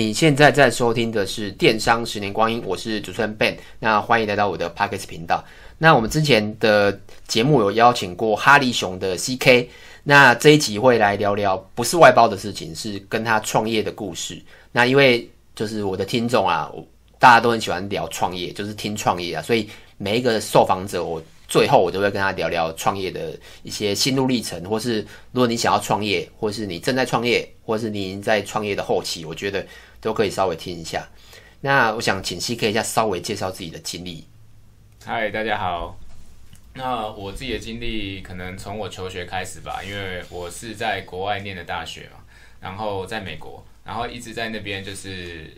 你現在在收聽的是《電商十年光陰》，我是主持人 Ben，那歡迎來到我的 Podcast 頻道。那我們之前的節目有邀請過哈利熊的 CK，那這一集會來聊聊不是外包的事情，是跟他創業的故事。那因為就是我的聽眾啊，大家都很喜歡聊創業，就是聽創業啊，所以每一個受訪者，我最後我都會跟他聊聊創業的一些心路歷程，或是如果你想要創業，或是你正在創業，或是你已經在創業的後期，我覺得。都可以稍微聽一下。那我想請 CK 再稍微介紹自己的經歷。嗨，大家好。那我自己的經歷可能從我求學開始吧，因為我是在國外唸的大學嘛，然後在美國，然後一直在那邊就是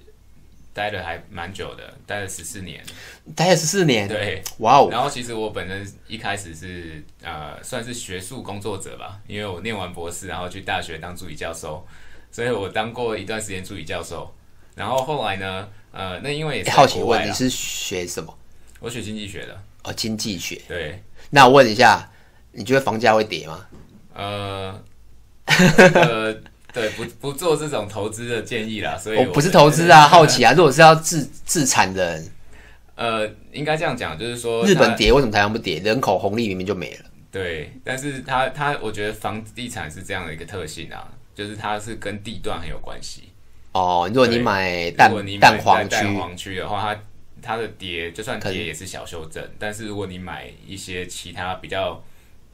待了還蠻久的，待了十四年。待了十四年，對，哇哦。然後其實我本身一開始是呃算是學術工作者吧，因為我唸完博士，然後去大學當助理教授，所以我當過一段時間助理教授。然後後來呢？呃，那因為也是、欸、好奇問你是學什麼？我學經濟學的。哦，經濟學。對。那我問一下，你覺得房價會跌嗎？呃， 呃對，不不做這種投資的建議啦，所以我，我不是投資啊，好奇啊。如果是要自自產的人，呃，應該這樣講，就是說日本跌，為什麼台灣不跌？人口紅利明明就沒了。對，但是他他我覺得房地產是這樣的一個特性啊，就是它是跟地段很有關係。哦，如果你買蛋你買蛋黃區蛋黃區的話，它它的跌，就算跌也是小修正。但是如果你買一些其他比較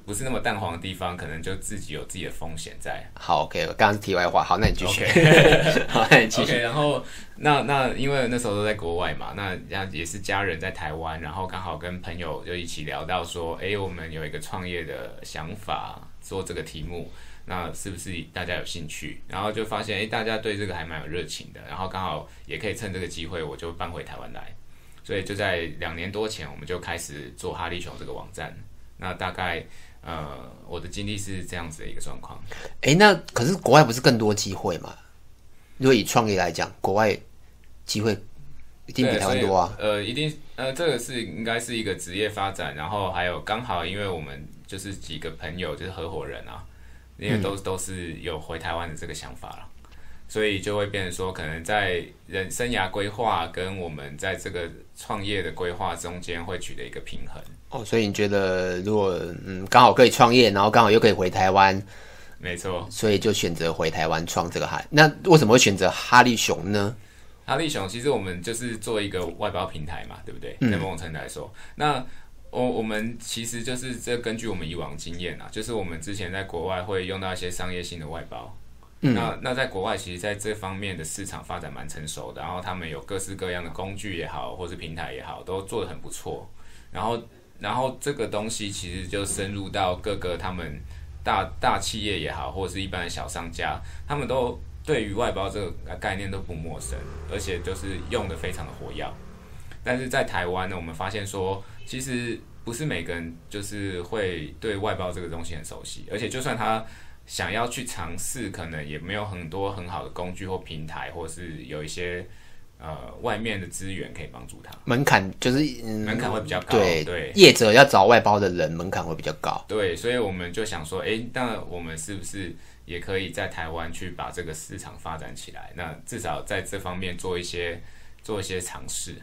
不是那麼蛋黃的地方，可能就自己有自己的風險在。好，OK，剛剛提題外話，好，那你繼續，okay. 好，那你繼續。 okay, 然後那那因為那時候都在國外嘛，那也是家人在台灣，然後剛好跟朋友就一起聊到說，哎、欸，我們有一個創業的想法，做這個題目。那是不是大家有興趣？然後就發現，哎、欸，大家對這個還蠻有熱情的。然後剛好也可以趁這個機會，我就搬回台灣來。所以就在兩年多前，我們就開始做哈利熊這個網站。那大概呃，我的經歷是這樣子的一個狀況。哎、欸，那可是國外不是更多機會嗎？因為以創業來講，國外機會一定比台灣多啊。呃，一定呃，這個是應該是一個職業發展。然後還有剛好，因為我們就是幾個朋友，就是合夥人啊。因為都、嗯、都是有回台灣的這個想法了，所以就會變成說，可能在人生涯規劃跟我們在這個創業的規劃中間會取得一個平衡。哦，所以你覺得如果嗯剛好可以創業，然後剛好又可以回台灣，沒錯，所以就選擇回台灣創這個海。那為什麼會選擇哈利熊呢？哈利熊其實我們就是做一個外包平台嘛，對不對？在、嗯、某種程度來說，那。我、oh, 我們其實就是這根據我們以往經驗啊，就是我們之前在國外會用到一些商業性的外包，嗯、那那在國外其實在這方面的市場發展蠻成熟的，然後他們有各式各樣的工具也好，或是平台也好，都做得很不錯。然後然後這個東西其實就深入到各個他們大大企業也好，或者是一般的小商家，他們都對於外包這個概念都不陌生，而且就是用得非常的活躍。但是在台灣呢，我們發現說。其實不是每個人就是會對外包這個東西很熟悉，而且就算他想要去嘗試，可能也沒有很多很好的工具或平台，或者是有一些呃外面的資源可以幫助他。門檻就是、嗯、門檻會比較高，對對，業者要找外包的人門檻會比較高。對，所以我們就想說，哎、欸，那我們是不是也可以在台灣去把這個市場發展起來？那至少在這方面做一些做一些嘗試。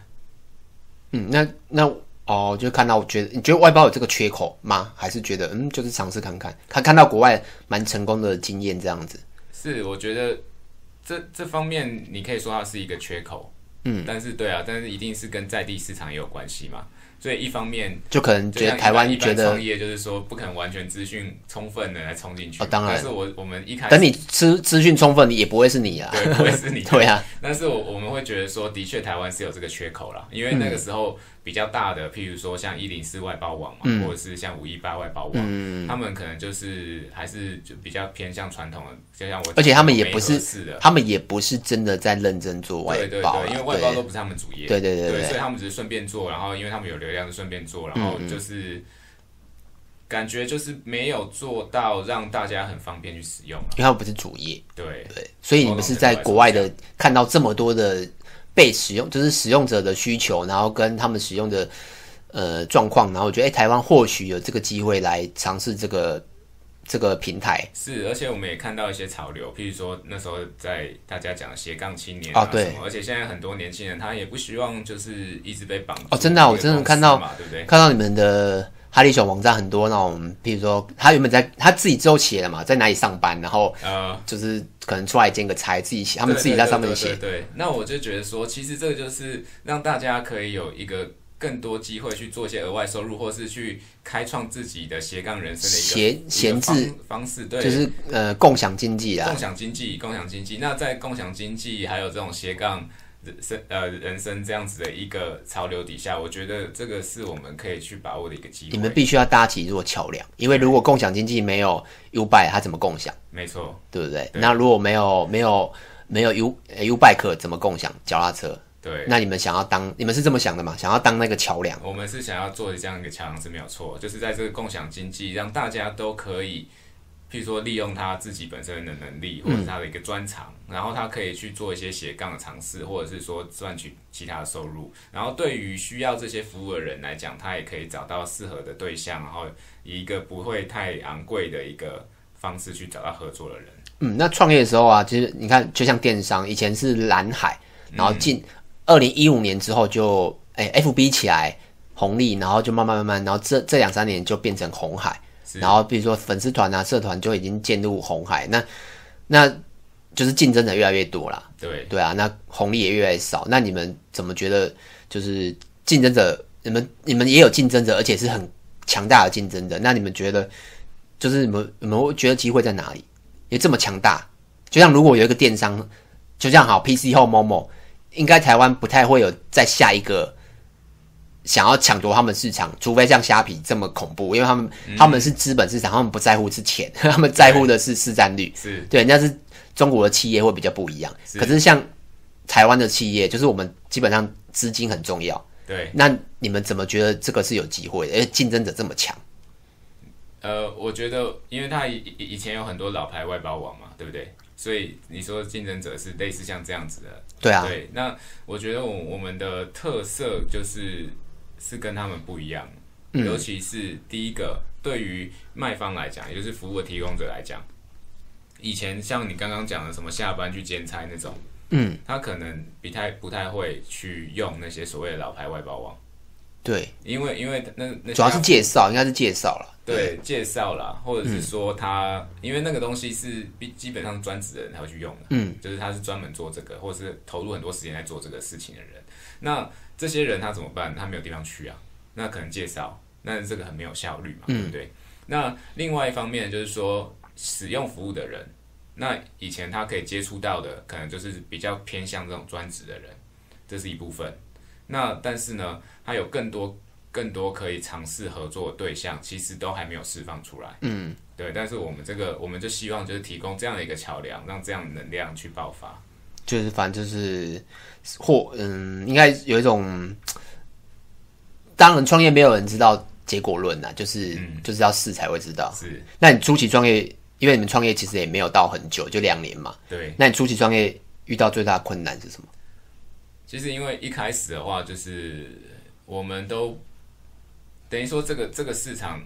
嗯，那那。哦，就看到我覺得你覺得外包有這個缺口嗎？還是覺得嗯，就是嘗試看看，看看到國外蠻成功的經驗這樣子。是，我覺得這這方面你可以說它是一個缺口，嗯，但是對啊，但是一定是跟在地市場也有關係嘛。所以一方面就可能覺得台灣，覺得創業就是說不可能完全資訊充分的來衝進去。哦，當然，但是我我們一開始等你資資訊充分，你也不會是你啊，對不會是你。 對啊，但是我我們會覺得說，的確台灣是有這個缺口啦。因為那個時候比較大的，譬、嗯、如說像一零四外包網嘛，嗯、或者是像五一八外包網，嗯。他們可能就是還是就比較偏向傳統的，就像我，而且他們也不是的，他們也不是真的在認真做外包，啊對對對，因為外包都不是他們主業，對對對，對，對，對，所以他們只是順便做，然後因為他們有。這樣順便做，然後就是嗯嗯感覺就是沒有做到讓大家很方便去使用，因為它不是主業。對對，所以你們是在國外的看到這麼多的被使用，就是使用者的需求，然後跟他們使用的呃狀況，然後我覺得哎、欸，台灣或許有這個機會來嘗試這個。這個平台是，而且我們也看到一些潮流，譬如說那時候在大家講斜槓青年啊、哦，對。而且現在很多年輕人他也不希望就是一直被綁、哦。哦，真的、啊，我真的看到，對，對對。看到你們的哈利熊網站很多那種，那我們譬如說他原本在他自己之後寫的嘛，在哪裡上班，然後呃，就是可能出來兼個差，自己寫、呃，他們自己在上面寫。對，對，對，對，對，那我就覺得說，其實這個就是讓大家可以有一個。更多機會去做一些額外收入，或是去開創自己的斜槓人生的一個，閒置一個方，方式，對，就是呃共享經濟啊，共享經濟，共享經濟。那在共享經濟還有這種斜槓人生呃人生這樣子的一個潮流底下，我覺得這個是我們可以去把握的一個機會。你們必須要搭起一座橋樑，因為如果共享經濟沒有 U-bike 它怎麼共享？沒錯，對不對，對？那如果沒有沒有沒有 U U-bike 怎麼共享腳踏車？對，那你們想要當，你們是這麼想的嗎？想要當那個橋樑？我們是想要做這樣一個橋樑是沒有錯，就是在這個共享經濟，讓大家都可以，譬如說利用他自己本身的能力，或者是他的一個專長，嗯，然後他可以去做一些斜槓的嘗試，或者是說賺取其他的收入。然後對於需要這些服務的人來講，他也可以找到適合的對象，然後以一個不會太昂貴的一個方式去找到合作的人。嗯，那創業的時候啊，其實你看，就像電商以前是藍海，然後進。嗯二零一五年之後就哎、欸，F B 起來紅利，然後就慢慢慢慢，然後這這兩三年就變成紅海，然後比如說粉絲團啊、社團就已經進入紅海，那那就是競爭者越來越多了。對對啊，那紅利也越來越少。那你們怎麼覺得？就是競爭者，你們你們也有競爭者，而且是很強大的競爭者。那你們覺得就是你們你們覺得機會在哪裡？也這麼強大，就像如果有一個電商，就像好 PChome、momo。應該台灣不太會有在下一個想要搶奪他們市場，除非像蝦皮這麼恐怖，因為他們他們是資本市場，嗯，他們不在乎是錢，他們在乎的是市占率。是對，那是，是中國的企業會比較不一樣。是可是像台灣的企業，就是我們基本上資金很重要。對，那你們怎麼覺得這個是有機會的？因為競爭者這麼強。呃，我覺得，因為他以以前有很多老牌外包網嘛，對不對？所以你說競爭者是類似像這樣子的，對啊，對，那我覺得我們我們的特色就是是跟他們不一樣，嗯，尤其是第一個，對於賣方來講，也就是服務的提供者來講，以前像你剛剛講的什麼下班去兼差那種，嗯，他可能不太不太會去用那些所謂的老牌外包網。對，因為因為那那主要是介紹，應該是介紹了。對，介紹了，或者是說他、嗯，因為那個東西是比基本上專職的人才會去用的，嗯，就是他是專門做這個，或者是投入很多時間來做這個事情的人。那這些人他怎麼辦？他沒有地方去啊。那可能介紹，那這個很沒有效率嘛，嗯、對不對？那另外一方面就是說，使用服務的人，那以前他可以接觸到的，可能就是比較偏向這種專職的人，這是一部分。那但是呢，還有更多更多可以嘗試合作的對象，其實都還沒有釋放出來。嗯，對。但是我們這個，我們就希望就是提供這樣的一個橋樑，讓這樣的能量去爆發。就是反正就是或嗯，應該有一種。當然，創業沒有人知道結果論吶、啊，就是、嗯、就是要試才會知道。是，那你初期創業，因為你們創業其實也沒有到很久，就兩年嘛。對。那你初期創業遇到最大的困難是什麼？其實因為一開始的話，就是我們都等於說這個這個市場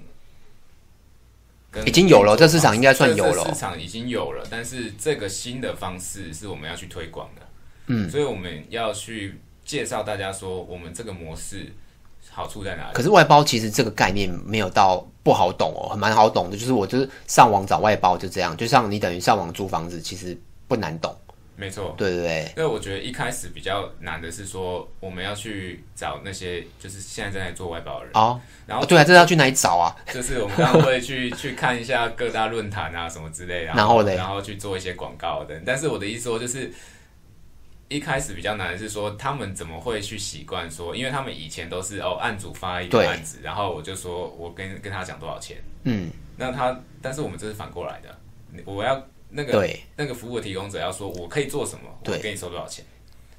已經有了，這市場應該算有了，市場已經有了，但是這個新的方式是我們要去推廣的，嗯，所以我們要去介紹大家說我們這個模式好處在哪裡。可是外包其實這個概念沒有到不好懂哦，還蠻好懂的，就是我就是上網找外包就這樣，就像你等於上網租房子，其實不難懂。沒錯，對對對，因為我覺得一開始比較難的是說我們要去找那些就是現在正在做外包的人哦，然後、哦、對啊，這要去哪裡找啊？就是我們會去 去看一下各大論壇啊什麼之類的，然後呢，然後去做一些廣告的。但是我的意思說，就是一開始比較難的是說他們怎麼會去習慣說，因為他們以前都是哦案主發一個案子，然後我就說我跟跟他講多少錢，嗯，那他，但是我們這是反過來的，我要。那個對那個服務提供者要說，我可以做什麼？我給你收多少錢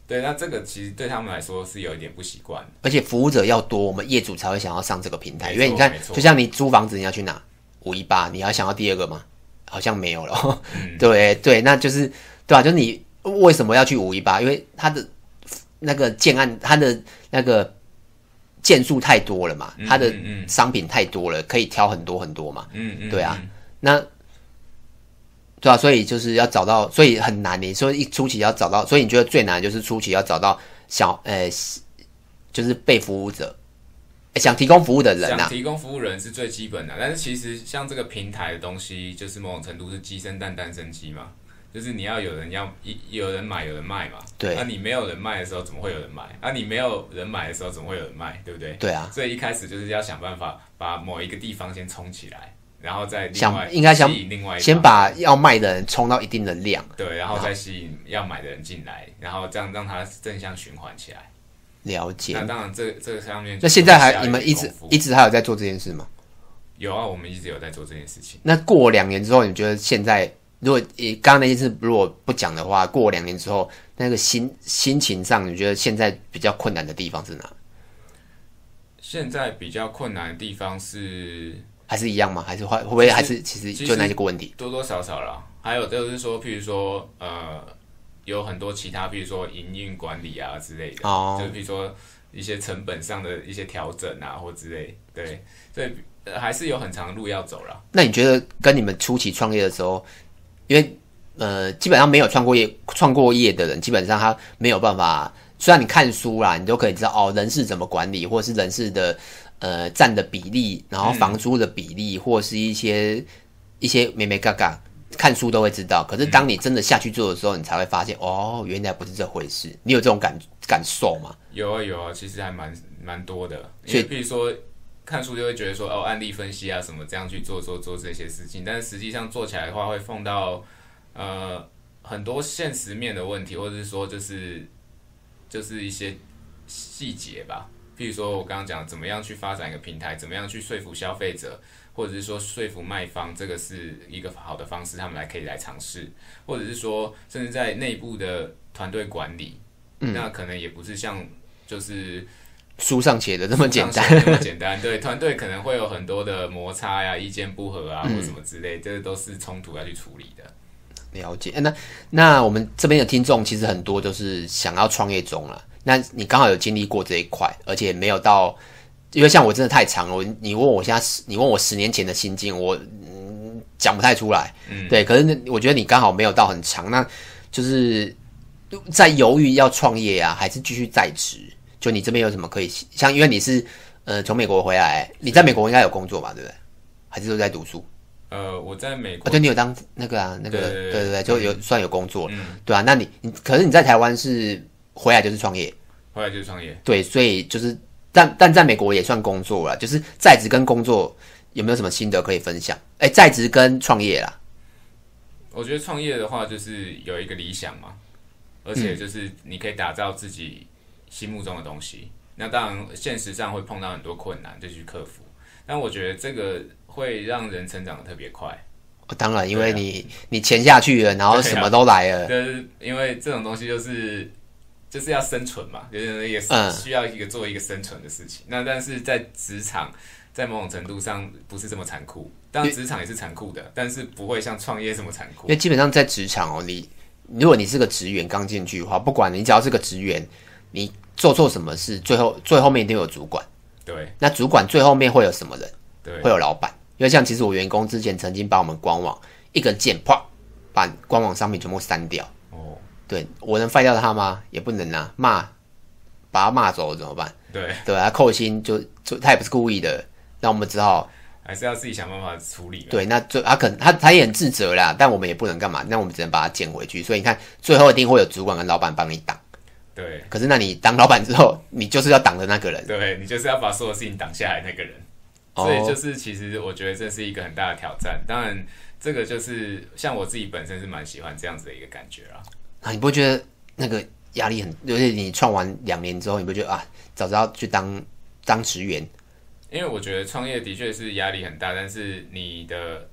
對？對，那這個其實對他們來說是有一點不習慣，而且服務者要多，我們業主才會想要上這個平台。因為你看，就像你租房子，你要去哪？五一八，你要想要第二個嗎？好像沒有了。對、嗯、對，那就是對啊。就是、你為什麼要去五一八？因為它的那個建案，它的那個件數太多了嘛，它的商品太多了，可以挑很多很多嘛。啊、嗯，嗯嗯，對啊，那。對啊，所以就是要找到，所以很難。你說一初期要找到，所以你覺得最難就是初期要找到小，呃，就是被服務者，想提供服務的人，啊，想提供服務人是最基本的。但是其實像這個平台的東西，就是某種程度是雞生蛋，蛋生雞嘛，就是你要有人要一有人買，有人賣嘛。對。那，啊、你沒有人賣的時候，怎麼會有人買？那，啊、你沒有人買的時候，怎麼會有人賣？對不對？對啊。所以一開始就是要想辦法把某一個地方先衝起來。然後再另外想，應該想吸引另外一，先把要賣的人衝到一定的量，對，然後再吸引要買的人進來，然後，然後這樣讓他正向循環起來。了解。那當然這這上面，那現在還你們一直一直還有在做這件事嗎？有啊，我們一直有在做這件事情。那過兩年之後，你覺得現在如果剛剛那件事如果不講的話，過兩年之後那個心心情上，你覺得現在比較困難的地方是哪？現在比較困難的地方是。還是一樣嗎？還是會會不會還是其實就那些個問題多多少少了？還有就是說，譬如說呃，有很多其他，比如說營運管理啊之類的，哦，就是比如說一些成本上的一些調整啊或之類，對，所以還是有很長的路要走了。那你覺得跟你們初期創業的時候，因為呃基本上沒有創過業、創過業的人，基本上他沒有辦法。雖然你看書啦，你都可以知道哦，人事怎麼管理，或者是人事的，呃，佔的比例，然後房租的比例，嗯、或是一些一些咩咩嘎嘎，看書都會知道。可是當你真的下去做的時候，嗯、你才會發現，哦，原來不是這回事。你有這種感感受嗎？有啊有啊，其實還蠻蠻多的。所以，譬如說看書就會覺得說，哦，案例分析啊，什麼這樣去做做做這些事情。但是實際上做起來的話，會碰到呃很多現實面的問題，或者是說就是就是一些細節吧。比如說我剛剛，我剛剛講怎麼樣去發展一個平台，怎麼樣去說服消費者，或者是說說服賣方，這個是一個好的方式，他們來可以來嘗試，或者是說，甚至在內部的團隊管理、嗯，那可能也不是像就是書上寫的這麼簡單，這麼簡單。對，團 隊可能會有很多的摩擦呀、啊，意見不合啊，或什麼之類、嗯，這些都是衝突要去處理的。了解。欸、那那我們這邊的聽眾其實很多都是想要創業中了。那你剛好有經歷過這一塊，而且沒有到，因為像我真的太長了。你問我現在，你問我十年前的心境，我、嗯、講不太出來。嗯，對。可是我覺得你剛好沒有到很長，那就是在猶豫要創業啊，還是繼續在職？就你這邊有什麼可以，像因為你是呃從美國回來，你在美國應該有工作吧？對不對？還是都在讀書？呃，我在美國在、啊。對，你有當那個啊，那個對，對對對，對對對嗯、就有算有工作了、嗯、對啊，那你你可是你在台灣是？回來就是創業，回來就是創業。對，所以就是，但但在美國也算工作了，就是在職跟工作有沒有什麼心得可以分享？哎、欸，在職跟創業啦。我覺得創業的話，就是有一個理想嘛，而且就是你可以打造自己心目中的東西。嗯、那當然，現實上會碰到很多困難，就去克服。但我覺得這個會讓人成長得特別快。哦，當然，因為你，啊，你潛下去了，然後什麼都來了。啊、就是因為這種東西就是。就是要生存嘛，就是也是需要一個做一個生存的事情。嗯、那但是在職場，在某種程度上不是這麼殘酷，當然職場也是殘酷的，但是不會像創業這麼殘酷。因為基本上在職場哦，你如果你是個職員剛進去的話，不管你只要是個職員，你做錯什麼事，最後最後面一定有主管。對，那主管最後面會有什麼人？對，會有老闆。因為像其實我員工之前曾經把我們官網一根鍵啪把官網商品全部刪掉。對，我能廢掉他嗎？也不能啊，罵，把他罵走了怎麼辦？對，對，他扣薪就就他也不是故意的，那我們只好還是要自己想辦法處理。對，那最他可能他他也很自責啦，但我們也不能幹嘛，那我們只能把他撿回去。所以你看，最後一定會有主管跟老板幫你擋。對。可是那你當老板之後，你就是要擋的那個人。對，你就是要把所有事情擋下來那個人。Oh. 所以就是其實我覺得這是一個很大的挑戰。當然，這個就是像我自己本身是蠻喜歡這樣子的一個感覺啦。啊，你不會覺得那個壓力很？尤其你創完兩年之後，你不會覺得啊？早知道去當當職員。因為我覺得創業的確是壓力很大，但是你的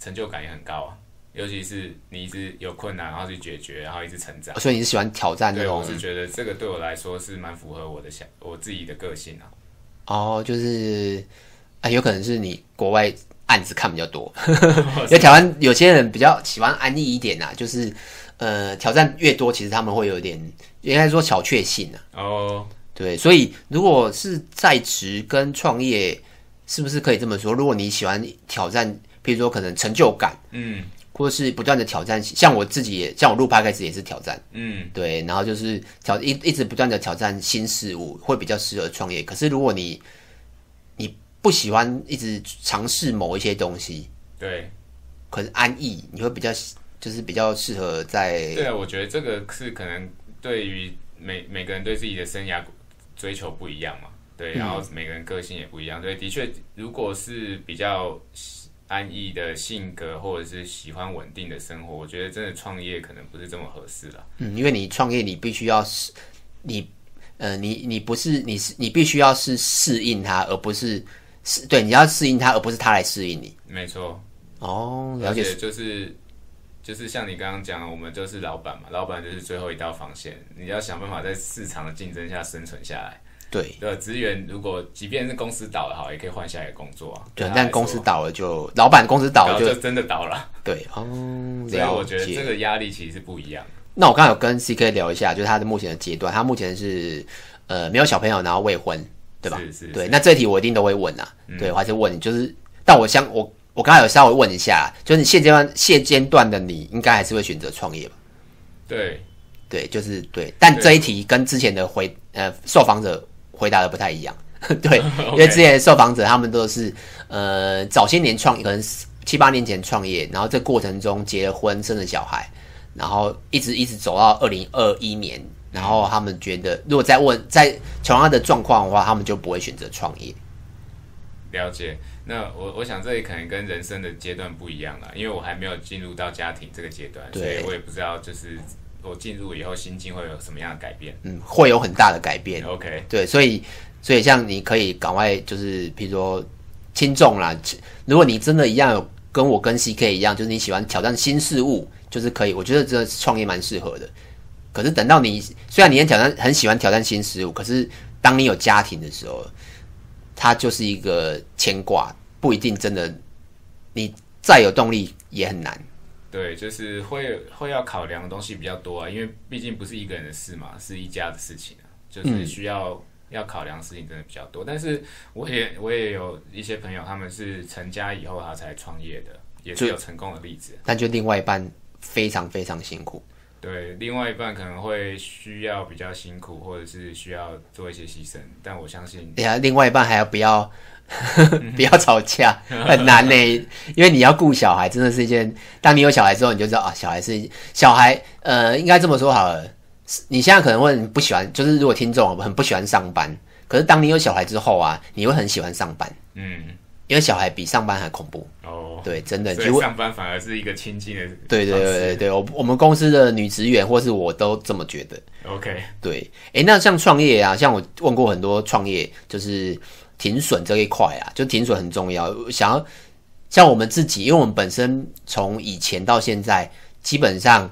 成就感也很高啊。尤其是你一直有困難，然後去解決，然後一直成長。哦、所以你是喜歡挑戰的東西。對，我是覺得這個對我來說是蠻符合我的想，我自己的個性啊。哦，就是啊、哎，有可能是你國外案子看比較多， 因為台灣有些人比較喜歡安逸一點吶、啊，就是。呃，挑戰越多，其實他們會有點，應該說小確幸吶啊。哦，oh，對，所以如果是在職跟創業，是不是可以這麼說？如果你喜歡挑戰，譬如說可能成就感，嗯，或是不斷的挑戰，像我自己也，像我錄拍開始也是挑戰，嗯，對，然後就是挑一一直不斷的挑戰新事物，會比較適合創業。可是如果你你不喜歡一直嘗試某一些東西，對，可能安逸，你會比較。就是比較適合在對啊，我覺得這個是可能對於每每個人對自己的生涯追求不一樣嘛，對，嗯，然後每個人個性也不一樣，所以的確，如果是比較安逸的性格，或者是喜歡穩定的生活，我覺得真的創業可能不是這麼合適了。嗯，因為你創業，你必須要適你呃，你你不是你是你必須要是適應它而不是適，對你要適應它，而不是它來適應你。沒錯，哦，了解，而且就是，就是像你剛剛講的，我們就是老板嘛，老板就是最後一道防線，你要想辦法在市場的競爭下生存下來。對，對，職員如果即便是公司倒了好，好也可以換下一個工作啊對。對，但公司倒了就老板公司倒了就,就真的倒了。對哦，所以我覺得這個壓力其實是不一樣的。那我剛剛有跟 CK 聊一下，就是他的目前的階段，他目前是呃沒有小朋友，然後未婚，對吧？是是,是。對，那這題我一定都會問啊、嗯，對，我還是問，就是但我相，我。我剛才有稍微問一下，就是你現階段現階段的你應該還是會選擇創業吧？對，對，就是對。但這一題跟之前的回呃受訪者回答的不太一樣。對， okay. 因為之前的受訪者他們都是呃早些年創，可能七八年前創業，然後這過程中結了婚，生了小孩，然後一直一直走到二零二一年，然後他們覺得如果再問再從他的狀況的話，他們就不會選擇創業。了解。那我我想這也可能跟人生的階段不一樣啦，因為我還沒有進入到家庭這個階段，所以我也不知道就是我進入以後心境會有什麼樣的改變。嗯，會有很大的改變。OK，對，所以所以像你可以趕快就是譬如說輕重啦，如果你真的一樣有跟我跟 C K 一樣，就是你喜歡挑戰新事物，就是可以，我覺得這創業蠻適合的。可是等到你雖然你很挑戰，很喜歡挑戰新事物，可是當你有家庭的時候。他就是一個牽掛，不一定真的。你再有動力也很難。對，就是會會要考量的東西比較多啊，因為畢竟不是一個人的事嘛，是一家的事情啊，就是需要、嗯、要考量的事情真的比較多。但是我也我也有一些朋友，他們是成家以後他才創業的，也是有成功的例子。但就另外一半非常非常辛苦。對，另外一半可能會需要比較辛苦，或者是需要做一些犧牲，但我相信。對啊，另外一半還要不要 不要吵架，很難呢？ 因為你要顧小孩，真的是一件。當你有小孩之後，你就知道啊，小孩是小孩，呃，應該這麼說好了。你現在可能會很不喜歡，就是如果聽眾很不喜歡上班，可是當你有小孩之後啊，你會很喜歡上班。嗯。因為小孩比上班還恐怖哦，oh, 對，真的，所以上班反而是一個親近的。對對對對，我我們公司的女職員或是我都這麼覺得。OK，對，哎、欸，那像創業啊，像我問過很多創業，就是停損這一塊啊，就停損很重要。想要像我們自己，因為我們本身從以前到現在，基本上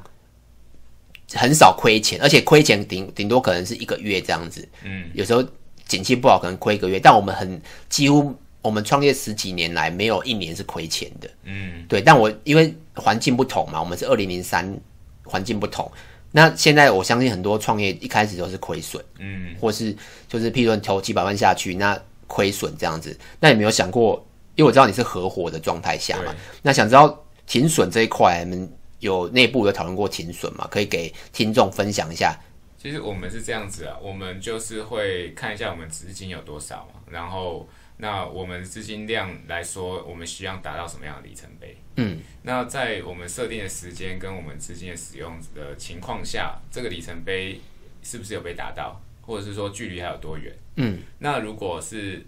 很少虧錢，而且虧錢頂頂多可能是一個月這樣子。嗯，有時候景氣不好，可能虧一個月，但我們很幾乎。我們創業十幾年來，沒有一年是虧錢的。嗯，對。但我因為環境不同嘛，我們是二零零三，環境不同。那現在我相信很多創業一開始都是虧損，嗯，或是就是譬如說投幾百萬下去，那虧損這樣子。那你沒有想過？因為我知道你是合夥的狀態下嘛，那想知道停損這一塊，你們有內部有討論過停損嘛？可以給聽眾分享一下。其實我們是這樣子啊，我們就是會看一下我們資金有多少啊，然後。那我們資金量來說，我們需要達到什麼樣的里程碑？嗯，那在我們設定的時間跟我們資金的使用的情況下，這個里程碑是不是有被達到，或者是說距離還有多遠？嗯，那如果是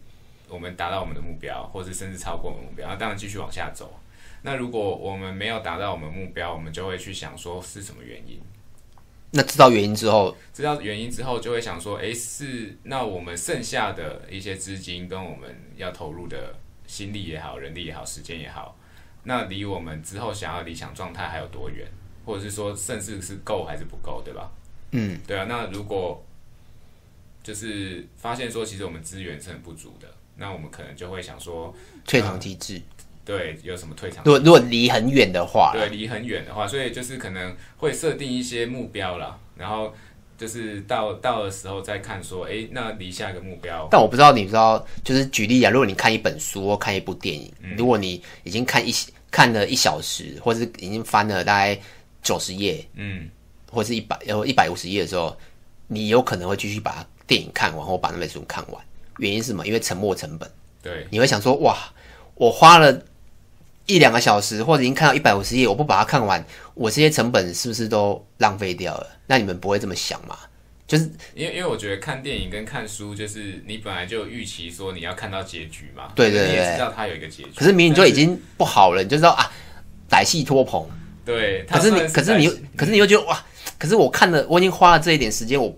我們達到我們的目標，或者甚至超過我們目標，那當然繼續往下走。那如果我們沒有達到我們目標，我們就會去想說是什麼原因。那知道原因之後，知道原因之後，就會想說，誒、欸，是那我們剩下的一些資金跟我們要投入的心力也好、人力也好、時間也好，那離我們之後想要理想狀態還有多遠？或者是說，甚至是夠還是不夠，對吧？嗯，對啊。那如果就是發現說，其實我們資源是很不足的，那我們可能就會想說，退場機制。嗯。對，有什麼退場？如果如果離很遠的話，對，離很遠的話，所以就是可能會設定一些目標了，然後就是到到的時候再看說，哎、欸，那離下一個目標。但我不知道，你不知道，就是舉例啊，如果你看一本書或看一部電影，嗯，如果你已經看一看了一小時，或是已經翻了大概九十頁，嗯，或是一百或一百五十頁的時候，你有可能會繼續把電影看完或把那本書看完。原因是什麼？因為沉沒成本。對，你會想說，哇，我花了。一兩個小時，或者已經看到一百五十頁，我不把它看完，我這些成本是不是都浪費掉了？那你們不會這麼想嘛？就是因為，因為我覺得看電影跟看書，就是你本來就預期說你要看到結局嘛。對對對，對，知道它有一個結局。可是明明就已經不好了，你就知道啊，歹戲拖棚。對。可是你，可是你，你可是你又覺得哇！可是我看了，我已經花了這一點時間，我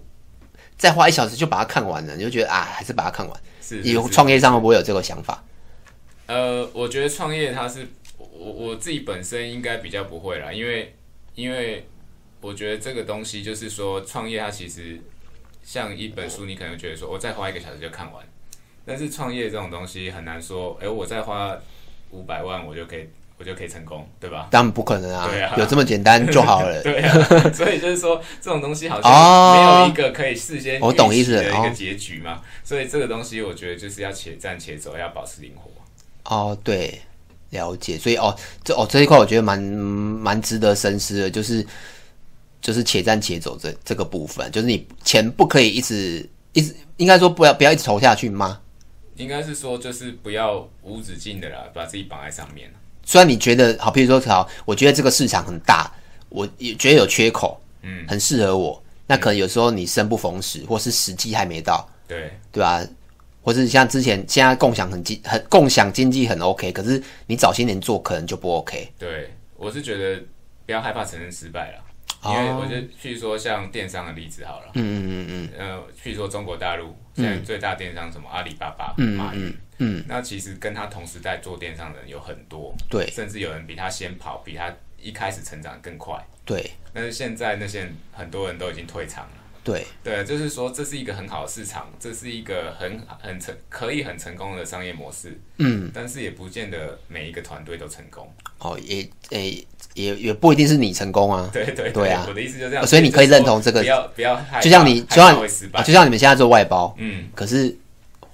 再花一小時就把它看完了，你就覺得啊，還是把它看完。是。你創業上會不會有這個想法？呃，我覺得創業它是。我我自己本身應該比較不會啦，因為因為我覺得這個東西就是說，創業它其實像一本書，你可能覺得說我再花一個小時就看完，但是創業這種東西很難說，哎，我再花五百萬我就可以我就可以成功，對吧？當然不可能啊，啊有這麼簡單就好了。 對啊，所以就是說這種東西好像沒有一個可以事先我懂意思的一個結局嘛，所以這個東西我覺得就是要且戰且走，要保持靈活。哦，對。了解，所以哦，這哦這一塊我覺得蠻蠻值得深思的，就是就是且戰且走這這個部分，就是你錢不可以一直一直，應該說不要不要一直投下去嘛，應該是說就是不要無止境的啦，把自己綁在上面。雖然你覺得好，比如說好，我覺得這個市場很大，我也覺得有缺口，嗯，很適合我。那可能有時候你生不逢時，嗯，或是時機還沒到，對對吧？或是像之前，現在共享很經很共享經濟很 OK，可是你早些年做可能就不 OK。對，我是覺得不要害怕承認失敗了，oh. 因為我就據說像電商的例子好了，嗯嗯嗯嗯，呃，據說中國大陸現在最大電商什麼阿里巴巴嗯嗯嗯嗯，馬雲，嗯嗯嗯，那其實跟他同時代做電商的人有很多，對，甚至有人比他先跑，比他一開始成長更快，對，但是現在那些很多人都已經退場了。對對，就是說，這是一個很好的市場，這是一個很很成可以很成功的商業模式。嗯，但是也不見得每一個團隊都成功。哦，也誒也也，也不一定是你成功啊。對對對，對啊，我的意思就是這樣，哦。所以你可以認同這個，不要不要害怕，就像你就像、啊、就像你們現在做外包，嗯。可是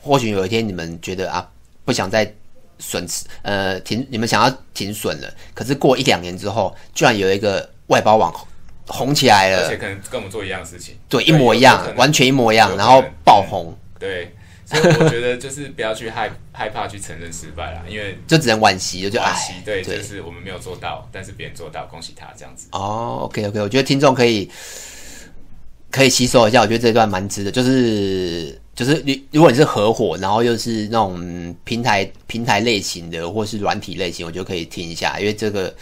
或許有一天你們覺得啊，不想再損呃停，你們想要停損了。可是過一兩年之後，居然有一個外包網紅。紅起來了，而且可能跟我們做一樣的事情對，對，一模一樣，完全一模一樣，然後爆紅。嗯、對， 所以我覺得就是不要去害害怕去承認失敗啦，因為就只能惋惜，就惋惜。對，就是我們沒有做到，但是別人做到，恭喜他這樣子。哦、oh，OK OK，我覺得聽眾可以可以吸收一下，我覺得這段蠻值得，就是就是你如果你是合夥，然後又是那種平台平台類型的，或是軟體類型，我覺得可以聽一下，因為這個。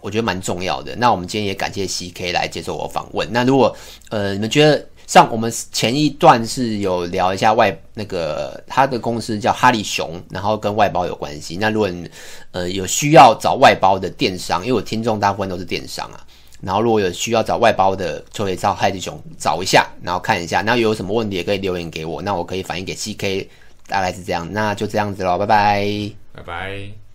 我覺得蠻重要的。那我們今天也感謝 CK 來接受我訪問。那如果呃，你們覺得像我們前一段是有聊一下外那個他的公司叫哈利熊，然後跟外包有關係。那如果你呃有需要找外包的電商，因為我聽眾大部分都是電商啊。然後如果有需要找外包的，就可以找哈利熊找一下，然後看一下。那有什麼問題也可以留言給我，那我可以反映給 CK 大概是這樣。那就這樣子嘍，拜拜，拜拜。